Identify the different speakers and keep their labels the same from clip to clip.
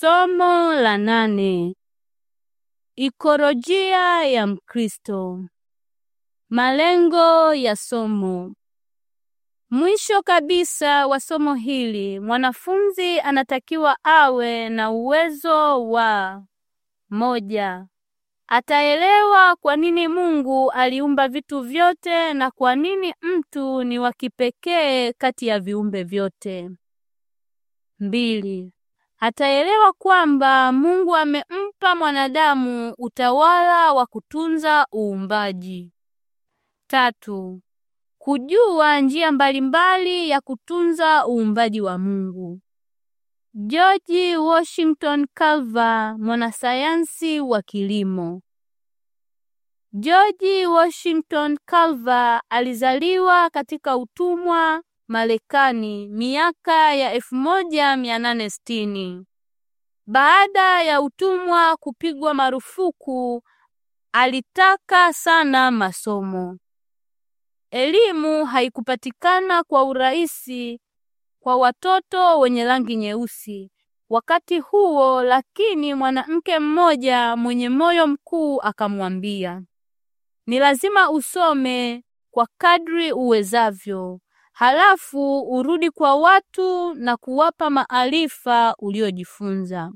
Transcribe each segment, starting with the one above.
Speaker 1: Somo la nane: ikolojia ya Mkristo. Malengo ya somo. Mwisho kabisa wa somo hili, mwanafunzi anatakiwa awe na uwezo wa moja, ataelewa kwa nini Mungu aliumba vitu vyote na kwa nini mtu ni wa kipekee kati ya viumbe vyote. Mbili, ataelewa kwamba Mungu amempa mwanadamu utawala wa kutunza uumbaji. Tatu, kujua njia mbalimbali ya kutunza uumbaji wa Mungu. George Washington Carver, mwanasayansi wa kilimo. George Washington Carver alizaliwa katika utumwa Marekani miaka ya 1860. Baada ya utumwa kupigwa marufuku, alitaka sana masomo. Elimu haikupatikana kwa urahisi kwa watoto wenye rangi nyeusi wakati huo, lakini mwanamke mmoja mwenye moyo mkuu akamwambia, ni lazima usome kwa kadri uwezavyo halafu urudi kwa watu na kuwapa maarifa uliojifunza.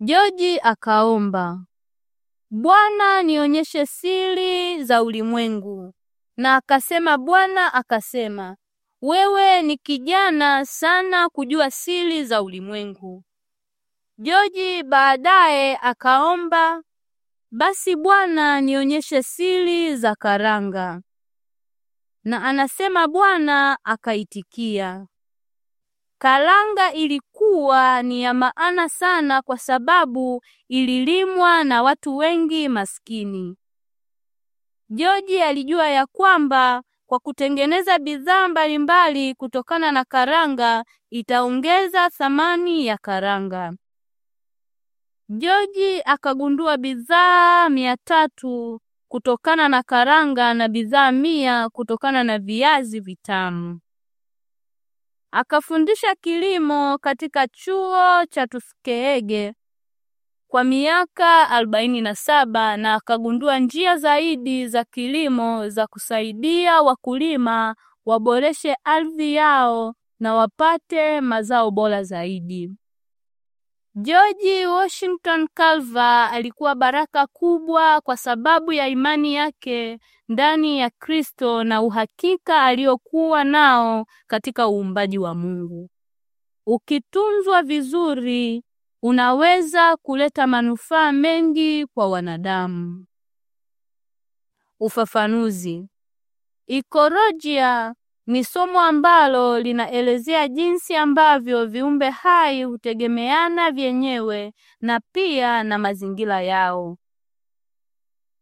Speaker 1: Joji akaomba, Bwana, nionyeshe siri za ulimwengu. Na akasema, Bwana akasema, wewe ni kijana sana kujua siri za ulimwengu. Joji baadaye akaomba, basi Bwana, nionyeshe siri za karanga na anasema Bwana akaitikia. Kalanga ilikuwa ni ya maana sana kwa sababu ililimwa na watu wengi maskini. joji alijua ya kwamba kwa kutengeneza bidhaa mbalimbali kutokana na karanga itaongeza thamani ya karanga. joji akagundua bidhaa mia tatu kutokana na karanga na bidhaa mia kutokana na viazi vitamu. Akafundisha kilimo katika chuo cha Tuskegee kwa miaka arobaini na saba na akagundua njia zaidi za kilimo za kusaidia wakulima waboreshe ardhi yao na wapate mazao bora zaidi. George Washington Carver alikuwa baraka kubwa kwa sababu ya imani yake ndani ya Kristo na uhakika aliyokuwa nao katika uumbaji wa Mungu. Ukitunzwa vizuri, unaweza kuleta manufaa mengi kwa wanadamu. Ufafanuzi. Ikolojia ni somo ambalo linaelezea jinsi ambavyo viumbe hai hutegemeana vyenyewe na pia na mazingira yao.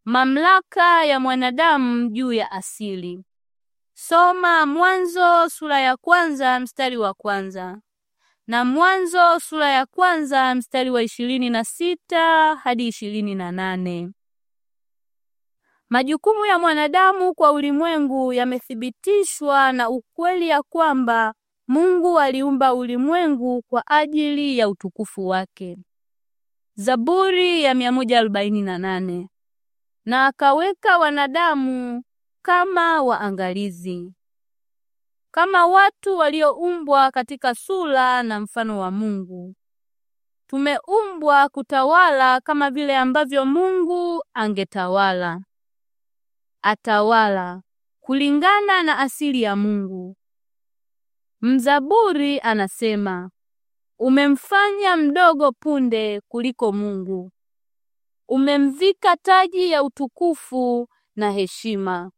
Speaker 1: Mamlaka ya mwanadamu juu ya asili. Soma Mwanzo sura ya kwanza mstari wa kwanza na Mwanzo sura ya kwanza mstari wa ishirini na sita hadi ishirini na nane. Majukumu ya mwanadamu kwa ulimwengu yamethibitishwa na ukweli ya kwamba Mungu aliumba ulimwengu kwa ajili ya utukufu wake. Zaburi ya 148. Na akaweka wanadamu kama waangalizi, kama watu walioumbwa katika sura na mfano wa Mungu. Tumeumbwa kutawala kama vile ambavyo Mungu angetawala atawala kulingana na asili ya Mungu. Mzaburi anasema, umemfanya mdogo punde kuliko Mungu, umemvika taji ya utukufu na heshima,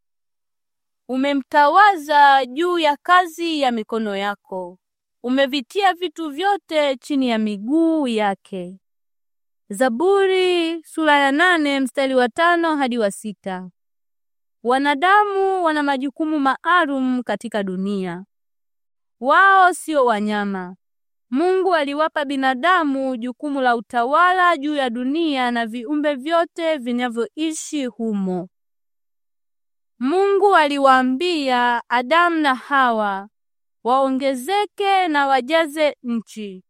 Speaker 1: umemtawaza juu ya kazi ya mikono yako, umevitia vitu vyote chini ya miguu yake. Zaburi sura ya nane mstari wa tano hadi wa sita. Wanadamu wana majukumu maalum katika dunia. Wao sio wanyama. Mungu aliwapa binadamu jukumu la utawala juu ya dunia na viumbe vyote vinavyoishi humo. Mungu aliwaambia Adamu na Hawa waongezeke na wajaze nchi.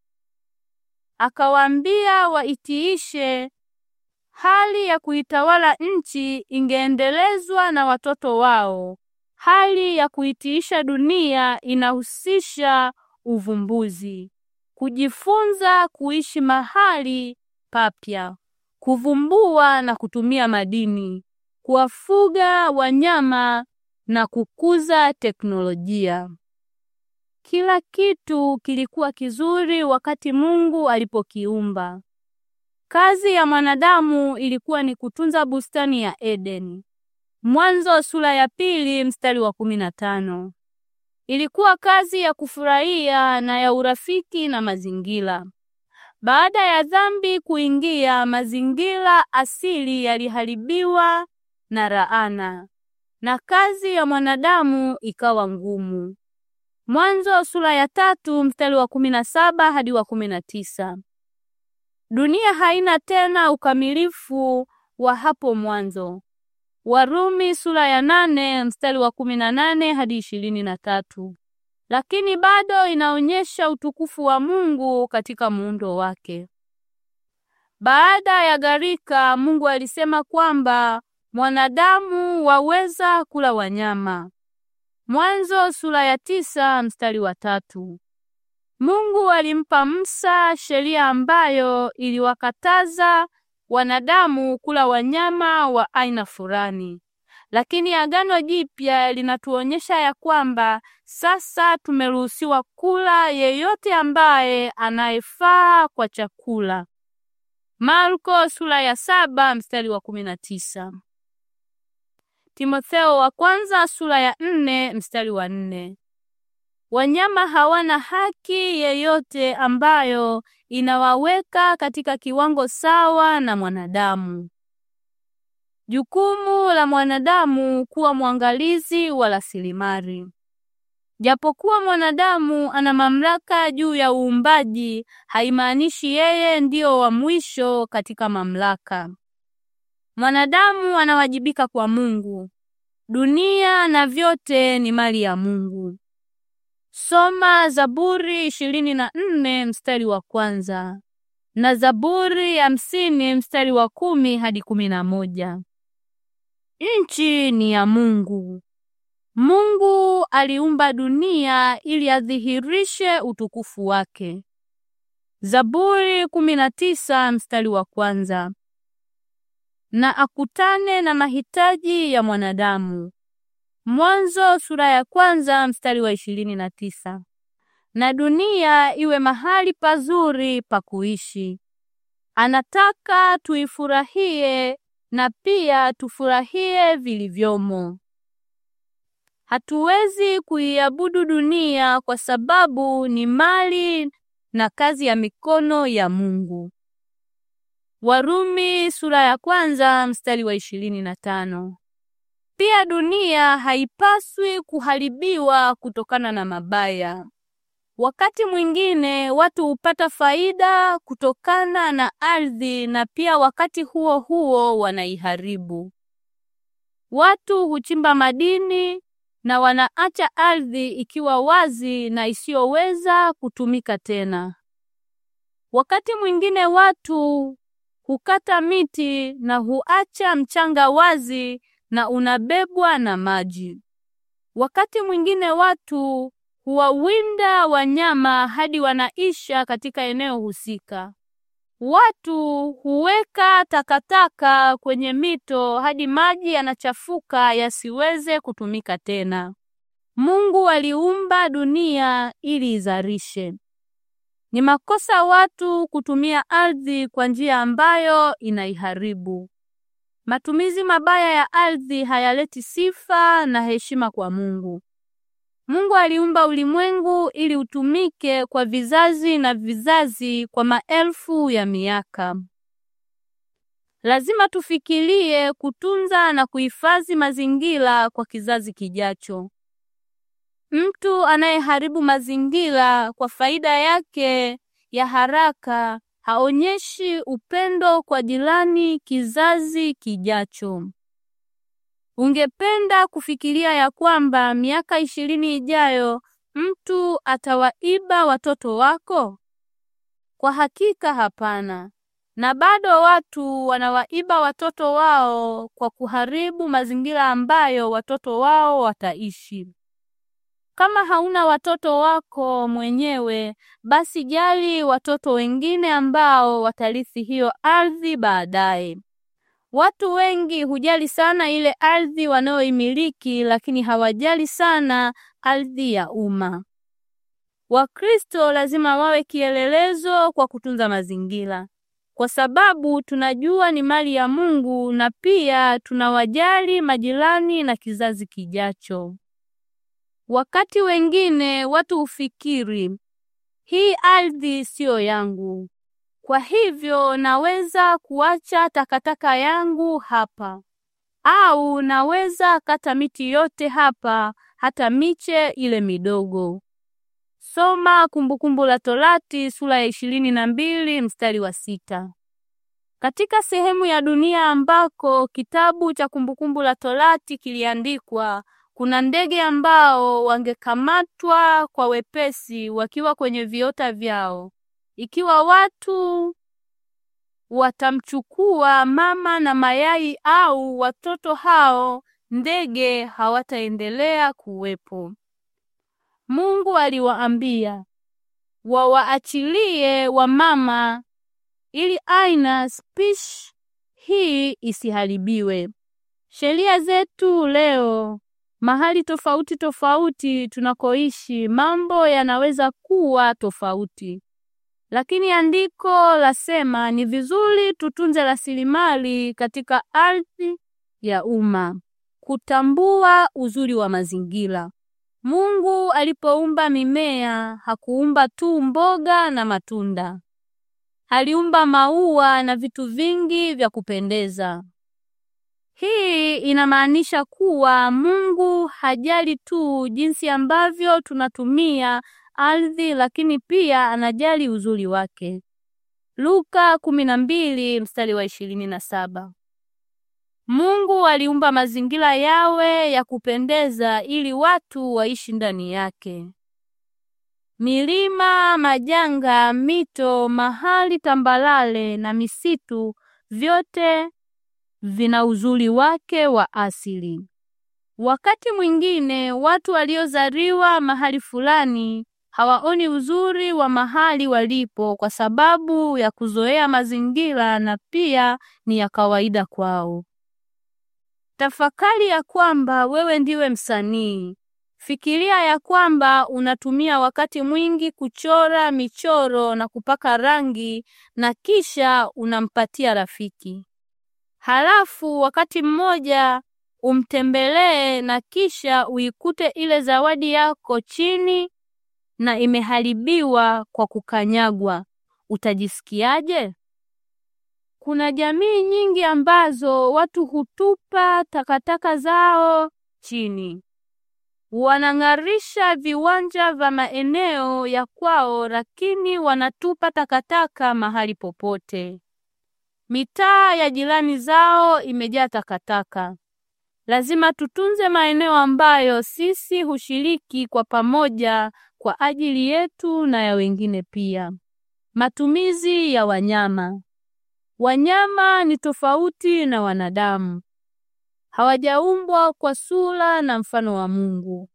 Speaker 1: Akawaambia waitiishe Hali ya kuitawala nchi ingeendelezwa na watoto wao. Hali ya kuitiisha dunia inahusisha uvumbuzi, kujifunza kuishi mahali papya, kuvumbua na kutumia madini, kuwafuga wanyama na kukuza teknolojia. Kila kitu kilikuwa kizuri wakati Mungu alipokiumba. Kazi ya mwanadamu ilikuwa ni kutunza bustani ya Edeni. Mwanzo sura ya pili mstari wa kumi na tano. Ilikuwa kazi ya kufurahia na ya urafiki na mazingira. Baada ya dhambi kuingia, mazingira asili yaliharibiwa na laana, na kazi ya mwanadamu ikawa ngumu. Mwanzo sura ya tatu mstari wa kumi na saba hadi wa kumi na tisa. Dunia haina tena ukamilifu wa hapo mwanzo. Warumi sura ya nane mstari wa kumi na nane hadi ishirini na tatu. Lakini bado inaonyesha utukufu wa Mungu katika muundo wake. Baada ya gharika, Mungu alisema kwamba mwanadamu waweza kula wanyama. Mwanzo sura ya tisa mstari wa tatu. Mungu alimpa Musa sheria ambayo iliwakataza wanadamu kula wanyama wa aina fulani. Lakini Agano Jipya linatuonyesha ya kwamba sasa tumeruhusiwa kula yeyote ambaye anayefaa kwa chakula. Marko sura ya saba mstari wa kumi na tisa. Timotheo wa kwanza sura ya nne mstari wa nne. Wanyama hawana haki yeyote ambayo inawaweka katika kiwango sawa na mwanadamu. Jukumu la mwanadamu kuwa mwangalizi wa rasilimali. Japokuwa mwanadamu ana mamlaka juu ya uumbaji, haimaanishi yeye ndiyo wa mwisho katika mamlaka. Mwanadamu anawajibika kwa Mungu. Dunia na vyote ni mali ya Mungu. Soma Zaburi ishirini na nne mstari wa kwanza na Zaburi hamsini mstari wa kumi hadi kumi na moja. Nchi ni ya Mungu. Mungu aliumba dunia ili adhihirishe utukufu wake. Zaburi kumi na tisa mstari wa kwanza. Na akutane na mahitaji ya mwanadamu. Mwanzo sura ya kwanza mstari wa ishirini na tisa. Na dunia iwe mahali pazuri pa kuishi. Anataka tuifurahie na pia tufurahie vilivyomo. Hatuwezi kuiabudu dunia kwa sababu ni mali na kazi ya mikono ya Mungu. Warumi sura ya kwanza mstari wa ishirini na tano. Pia dunia haipaswi kuharibiwa kutokana na mabaya. Wakati mwingine watu hupata faida kutokana na ardhi na pia wakati huo huo wanaiharibu. Watu huchimba madini na wanaacha ardhi ikiwa wazi na isiyoweza kutumika tena. Wakati mwingine watu hukata miti na huacha mchanga wazi na unabebwa na maji. Wakati mwingine watu huwawinda wanyama hadi wanaisha katika eneo husika. Watu huweka takataka kwenye mito hadi maji yanachafuka yasiweze kutumika tena. Mungu aliumba dunia ili izarishe. Ni makosa watu kutumia ardhi kwa njia ambayo inaiharibu. Matumizi mabaya ya ardhi hayaleti sifa na heshima kwa Mungu. Mungu aliumba ulimwengu ili utumike kwa vizazi na vizazi kwa maelfu ya miaka. Lazima tufikirie kutunza na kuhifadhi mazingira kwa kizazi kijacho. Mtu anayeharibu mazingira kwa faida yake ya haraka haonyeshi upendo kwa jirani kizazi kijacho. Ungependa kufikiria ya kwamba miaka ishirini ijayo mtu atawaiba watoto wako? Kwa hakika hapana. Na bado watu wanawaiba watoto wao kwa kuharibu mazingira ambayo watoto wao wataishi. Kama hauna watoto wako mwenyewe, basi jali watoto wengine ambao watarithi hiyo ardhi baadaye. Watu wengi hujali sana ile ardhi wanayoimiliki, lakini hawajali sana ardhi ya umma. Wakristo lazima wawe kielelezo kwa kutunza mazingira, kwa sababu tunajua ni mali ya Mungu na pia tunawajali majirani na kizazi kijacho wakati wengine watu hufikiri hii ardhi siyo yangu, kwa hivyo naweza kuacha takataka yangu hapa, au naweza kata miti yote hapa, hata miche ile midogo. Soma Kumbukumbu la Torati sura ya ishirini na mbili mstari wa sita. Katika sehemu ya dunia ambako kitabu cha Kumbukumbu la Torati kiliandikwa kuna ndege ambao wangekamatwa kwa wepesi wakiwa kwenye viota vyao. Ikiwa watu watamchukua mama na mayai au watoto hao, ndege hawataendelea kuwepo. Mungu aliwaambia wawaachilie wa mama ili aina spishi hii isiharibiwe. Sheria zetu leo mahali tofauti tofauti tunakoishi, mambo yanaweza kuwa tofauti, lakini andiko lasema ni vizuri tutunze rasilimali katika ardhi ya umma. Kutambua uzuri wa mazingira. Mungu alipoumba mimea hakuumba tu mboga na matunda, aliumba maua na vitu vingi vya kupendeza. Hii inamaanisha kuwa Mungu hajali tu jinsi ambavyo tunatumia ardhi, lakini pia anajali uzuri wake. Luka 12 mstari wa saba. Mungu aliumba mazingira yawe ya kupendeza ili watu waishi ndani yake. Milima, majanga, mito, mahali tambalale na misitu vyote vina uzuri wake wa asili. Wakati mwingine watu waliozaliwa mahali fulani hawaoni uzuri wa mahali walipo kwa sababu ya kuzoea mazingira na pia ni ya kawaida kwao. Tafakari ya kwamba wewe ndiwe msanii. Fikiria ya kwamba unatumia wakati mwingi kuchora michoro na kupaka rangi na kisha unampatia rafiki halafu wakati mmoja umtembelee na kisha uikute ile zawadi yako chini na imeharibiwa kwa kukanyagwa, utajisikiaje? Kuna jamii nyingi ambazo watu hutupa takataka zao chini, wanang'arisha viwanja vya maeneo ya kwao, lakini wanatupa takataka mahali popote. Mitaa ya jirani zao imejaa takataka. Lazima tutunze maeneo ambayo sisi hushiriki kwa pamoja kwa ajili yetu na ya wengine pia. Matumizi ya wanyama. Wanyama ni tofauti na wanadamu. Hawajaumbwa kwa sura na mfano wa Mungu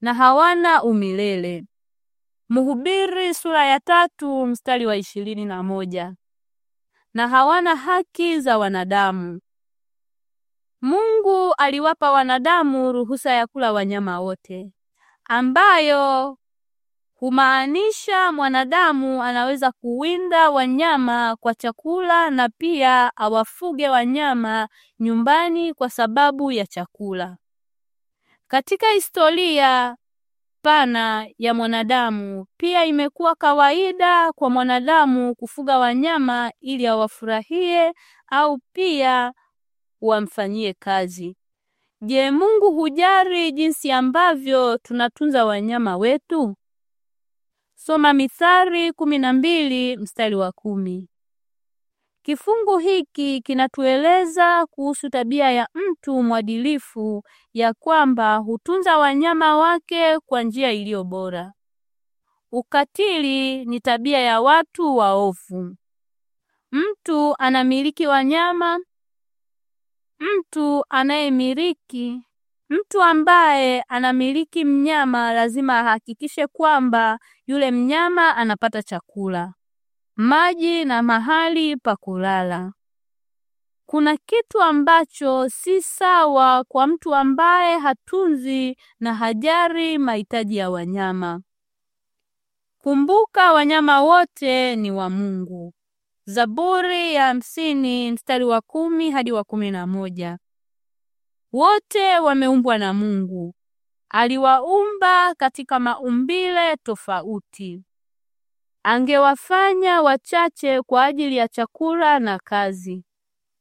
Speaker 1: na hawana umilele. Mhubiri sura ya tatu mstari wa ishirini na moja na hawana haki za wanadamu. Mungu aliwapa wanadamu ruhusa ya kula wanyama wote, ambayo humaanisha mwanadamu anaweza kuwinda wanyama kwa chakula na pia awafuge wanyama nyumbani kwa sababu ya chakula. Katika historia pana ya mwanadamu. Pia imekuwa kawaida kwa mwanadamu kufuga wanyama ili awafurahie au pia wamfanyie kazi. Je, Mungu hujari jinsi ambavyo tunatunza wanyama wetu? Soma Mithali kumi na mbili mstari wa kumi. Kifungu hiki kinatueleza kuhusu tabia ya mtu mwadilifu ya kwamba hutunza wanyama wake kwa njia iliyo bora. Ukatili ni tabia ya watu waovu. Mtu anamiliki wanyama. Mtu anayemiliki Mtu ambaye anamiliki mnyama lazima ahakikishe kwamba yule mnyama anapata chakula maji na mahali pa kulala. Kuna kitu ambacho si sawa kwa mtu ambaye hatunzi na hajari mahitaji ya wanyama. Kumbuka wanyama wote ni wa Mungu. Zaburi ya hamsini mstari wa kumi hadi wa kumi na moja. Wote wameumbwa na Mungu. Aliwaumba katika maumbile tofauti. Angewafanya wachache kwa ajili ya chakula na kazi,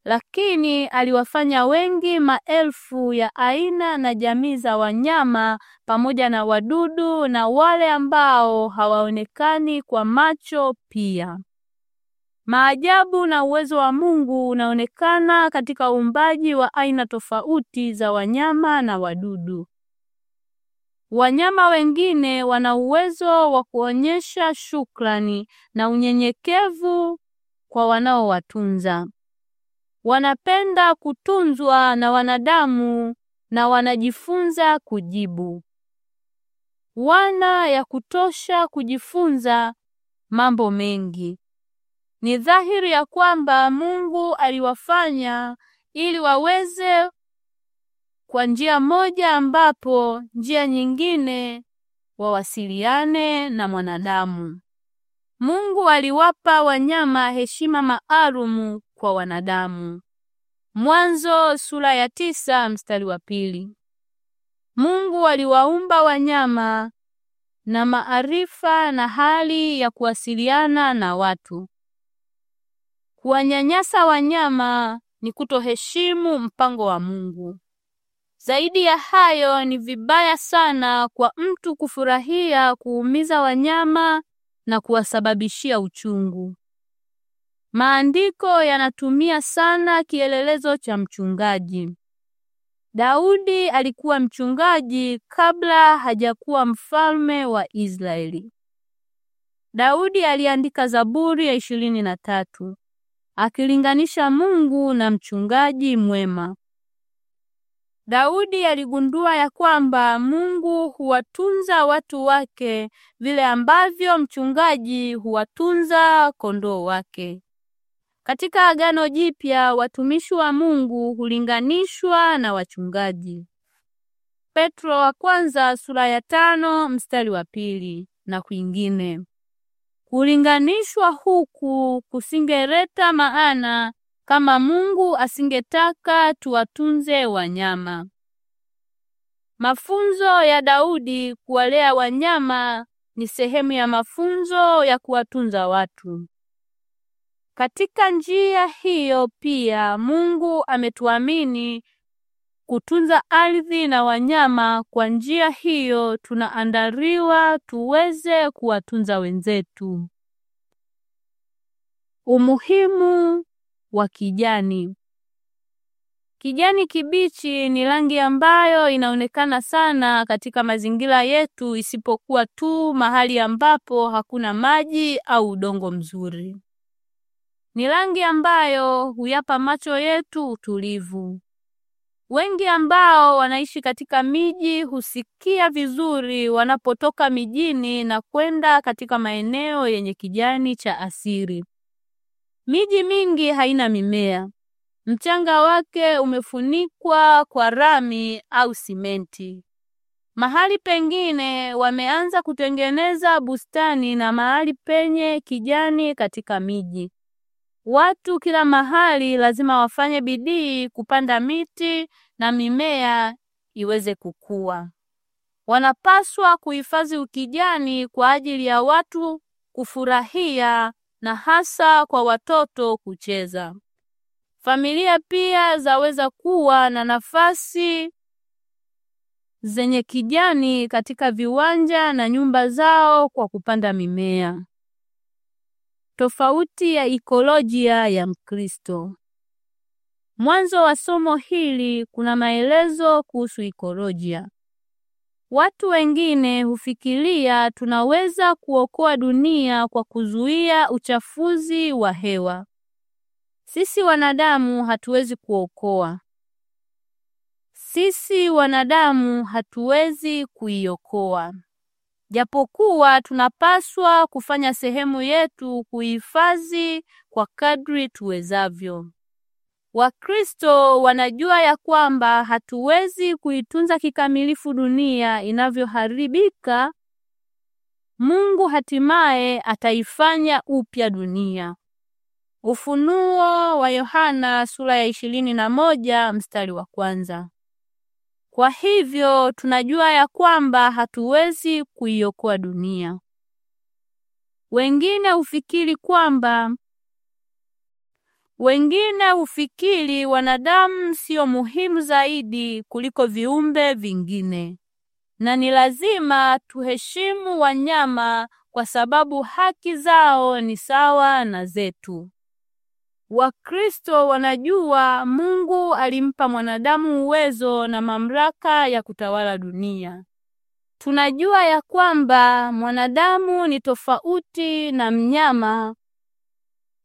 Speaker 1: lakini aliwafanya wengi maelfu ya aina na jamii za wanyama pamoja na wadudu na wale ambao hawaonekani kwa macho pia. Maajabu na uwezo wa Mungu unaonekana katika uumbaji wa aina tofauti za wanyama na wadudu. Wanyama wengine wana uwezo wa kuonyesha shukrani na unyenyekevu kwa wanaowatunza. Wanapenda kutunzwa na wanadamu na wanajifunza kujibu. Wana ya kutosha kujifunza mambo mengi. Ni dhahiri ya kwamba Mungu aliwafanya ili waweze kwa njia moja ambapo njia nyingine wawasiliane na mwanadamu. Mungu aliwapa wanyama heshima maalumu kwa wanadamu. Mwanzo sura ya tisa mstari wa pili. Mungu aliwaumba wanyama na maarifa na hali ya kuwasiliana na watu. Kuwanyanyasa wanyama ni kutoheshimu mpango wa Mungu. Zaidi ya hayo, ni vibaya sana kwa mtu kufurahia kuumiza wanyama na kuwasababishia uchungu. Maandiko yanatumia sana kielelezo cha mchungaji. Daudi alikuwa mchungaji kabla hajakuwa mfalme wa Israeli. Daudi aliandika Zaburi ya ishirini na tatu akilinganisha Mungu na mchungaji mwema. Daudi aligundua ya kwamba Mungu huwatunza watu wake vile ambavyo mchungaji huwatunza kondoo wake. Katika Agano Jipya watumishi wa Mungu hulinganishwa na wachungaji. Petro wa kwanza sura ya tano mstari wa pili na kwingine. Kulinganishwa huku kusingereta maana kama Mungu asingetaka tuwatunze wanyama. Mafunzo ya Daudi kuwalea wanyama ni sehemu ya mafunzo ya kuwatunza watu. Katika njia hiyo pia Mungu ametuamini kutunza ardhi na wanyama. Kwa njia hiyo tunaandaliwa tuweze kuwatunza wenzetu. Umuhimu wa kijani. Kijani kibichi ni rangi ambayo inaonekana sana katika mazingira yetu isipokuwa tu mahali ambapo hakuna maji au udongo mzuri. Ni rangi ambayo huyapa macho yetu utulivu. Wengi ambao wanaishi katika miji husikia vizuri wanapotoka mijini na kwenda katika maeneo yenye kijani cha asili. Miji mingi haina mimea. Mchanga wake umefunikwa kwa rami au simenti. Mahali pengine wameanza kutengeneza bustani na mahali penye kijani katika miji. Watu kila mahali lazima wafanye bidii kupanda miti na mimea iweze kukua. Wanapaswa kuhifadhi ukijani kwa ajili ya watu kufurahia na hasa kwa watoto kucheza. Familia pia zaweza kuwa na nafasi zenye kijani katika viwanja na nyumba zao kwa kupanda mimea. Tofauti ya ikolojia ya Mkristo. Mwanzo wa somo hili kuna maelezo kuhusu ikolojia. Watu wengine hufikiria tunaweza kuokoa dunia kwa kuzuia uchafuzi wa hewa. Sisi wanadamu hatuwezi kuokoa. Sisi wanadamu hatuwezi kuiokoa. Japokuwa tunapaswa kufanya sehemu yetu kuhifadhi kwa kadri tuwezavyo. Wakristo wanajua ya kwamba hatuwezi kuitunza kikamilifu dunia inavyoharibika. Mungu hatimaye ataifanya upya dunia. Ufunuo wa Yohana sura ya ishirini na moja mstari wa kwanza. Kwa hivyo tunajua ya kwamba hatuwezi kuiokoa dunia. Wengine hufikiri kwamba wengine hufikiri wanadamu sio muhimu zaidi kuliko viumbe vingine, na ni lazima tuheshimu wanyama kwa sababu haki zao ni sawa na zetu. Wakristo wanajua Mungu alimpa mwanadamu uwezo na mamlaka ya kutawala dunia. Tunajua ya kwamba mwanadamu ni tofauti na mnyama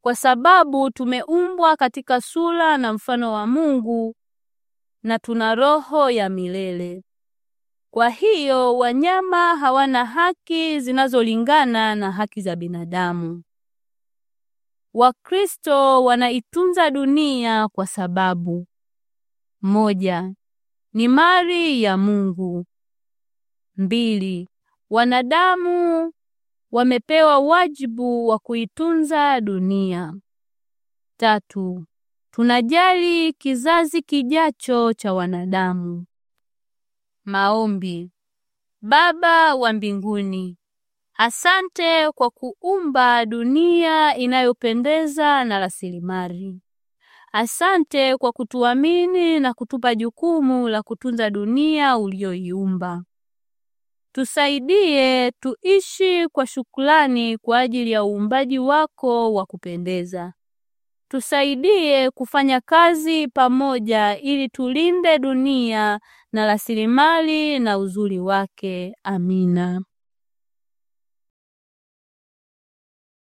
Speaker 1: kwa sababu tumeumbwa katika sura na mfano wa Mungu na tuna roho ya milele. Kwa hiyo wanyama hawana haki zinazolingana na haki za binadamu. Wakristo wanaitunza dunia kwa sababu moja, ni mali ya Mungu. Mbili, wanadamu wamepewa wajibu wa kuitunza dunia. Tatu, tunajali kizazi kijacho cha wanadamu. Maombi. Baba wa mbinguni, asante kwa kuumba dunia inayopendeza na rasilimali. Asante kwa kutuamini na kutupa jukumu la kutunza dunia uliyoiumba. Tusaidie tuishi kwa shukrani kwa ajili ya uumbaji wako wa kupendeza. Tusaidie kufanya kazi pamoja ili tulinde dunia na rasilimali na uzuri wake. Amina.